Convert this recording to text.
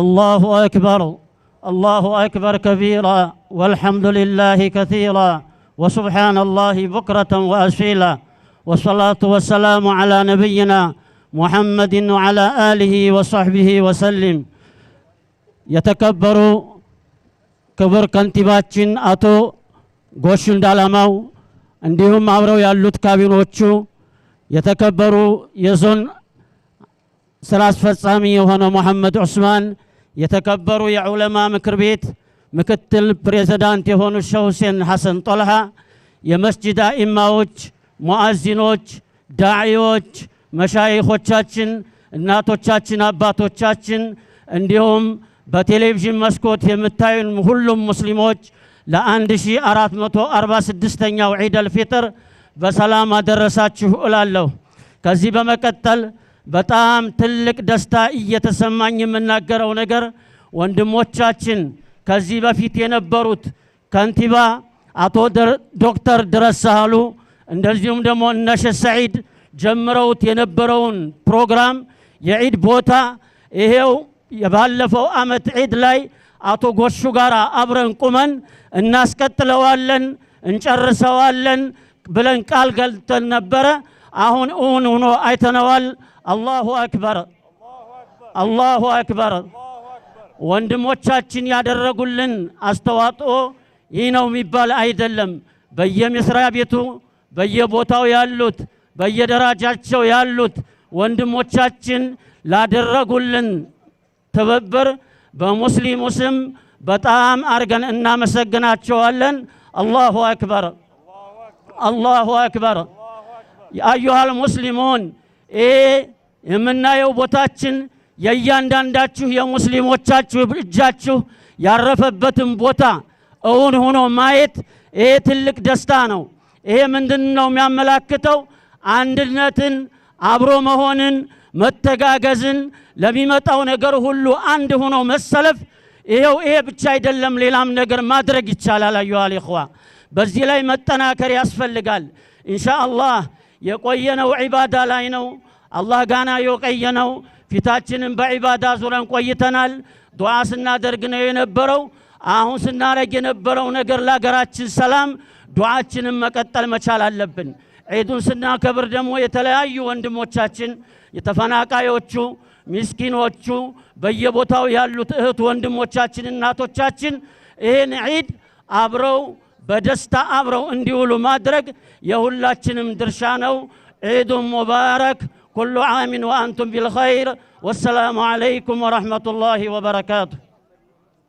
الله أكبر الله أكبر كبيرا والحمد لله كثيرا وسبحان الله بكرة وأصيلا والصلاة والسلام على نبينا محمد وعلى آله وصحبه وسلم يتكبر كبر كنتباتشن أتو ጎሹን ዳላማው እንዲሁም አብረው ያሉት ካቢኖቹ يتكبر يزن ስራ አስፈጻሚ የሆነው መሐመድ ዑስማን፣ የተከበሩ የዑለማ ምክር ቤት ምክትል ፕሬዚዳንት የሆኑ ሸህ ሁሴን ሐሰን ጦልሃ፣ የመስጂድ አኢማዎች፣ ሙአዚኖች፣ ዳዒዎች፣ መሻይኾቻችን፣ እናቶቻችን፣ አባቶቻችን እንዲሁም በቴሌቪዥን መስኮት የምታዩን ሁሉም ሙስሊሞች ለ1446ኛው ዒደል ፊጥር በሰላም አደረሳችሁ እላለሁ። ከዚህ በመቀጠል በጣም ትልቅ ደስታ እየተሰማኝ የምናገረው ነገር ወንድሞቻችን ከዚህ በፊት የነበሩት ከንቲባ አቶ ዶክተር ድረስ እንደዚሁም ደግሞ እነሸ ሰዒድ ጀምረውት የነበረውን ፕሮግራም የዒድ ቦታ ይሄው የባለፈው ዓመት ዒድ ላይ አቶ ጎሹ ጋር አብረን ቁመን እናስቀጥለዋለን፣ እንጨርሰዋለን ብለን ቃል ገልተን ነበረ። አሁን እውን ሆኖ አይተነዋል። አላሁ አክበር፣ አላሁ አክበር። ወንድሞቻችን ያደረጉልን አስተዋጽኦ ይህ ነው የሚባል አይደለም። በየመስሪያ ቤቱ በየቦታው ያሉት በየደረጃቸው ያሉት ወንድሞቻችን ላደረጉልን ትብብር በሙስሊሙ ስም በጣም አድርገን እናመሰግናቸዋለን። አላሁ አክበር፣ አላሁ አክበር። አዩሃል ሙስሊሙን ይህ የምናየው ቦታችን የእያንዳንዳችሁ የሙስሊሞቻችሁ እጃችሁ ያረፈበትን ቦታ እውን ሆኖ ማየት ይሄ ትልቅ ደስታ ነው። ይሄ ምንድን ነው የሚያመላክተው? አንድነትን፣ አብሮ መሆንን፣ መተጋገዝን ለሚመጣው ነገር ሁሉ አንድ ሆኖ መሰለፍ። ይኸው ይሄ ብቻ አይደለም፣ ሌላም ነገር ማድረግ ይቻላል። አዩሃል ኢኽዋ፣ በዚህ ላይ መጠናከር ያስፈልጋል ኢንሻአላህ። የቆየነው ዒባዳ ላይ ነው። አላህ ጋና የቆየነው ፊታችንን በዒባዳ ዙረን ቆይተናል። ዱዓ ስናደርግ ነው የነበረው። አሁን ስናረግ የነበረው ነገር ለሀገራችን ሰላም ዱዓችንን መቀጠል መቻል አለብን። ዒዱን ስናከብር ደግሞ የተለያዩ ወንድሞቻችን የተፈናቃዮቹ፣ ሚስኪኖቹ፣ በየቦታው ያሉት እህት ወንድሞቻችን፣ እናቶቻችን ይህን ዒድ አብረው بدستا أبرو اندي ولو مادرق يهولا چنم درشانو عيد مبارك كل عام وأنتم بالخير والسلام عليكم ورحمة الله وبركاته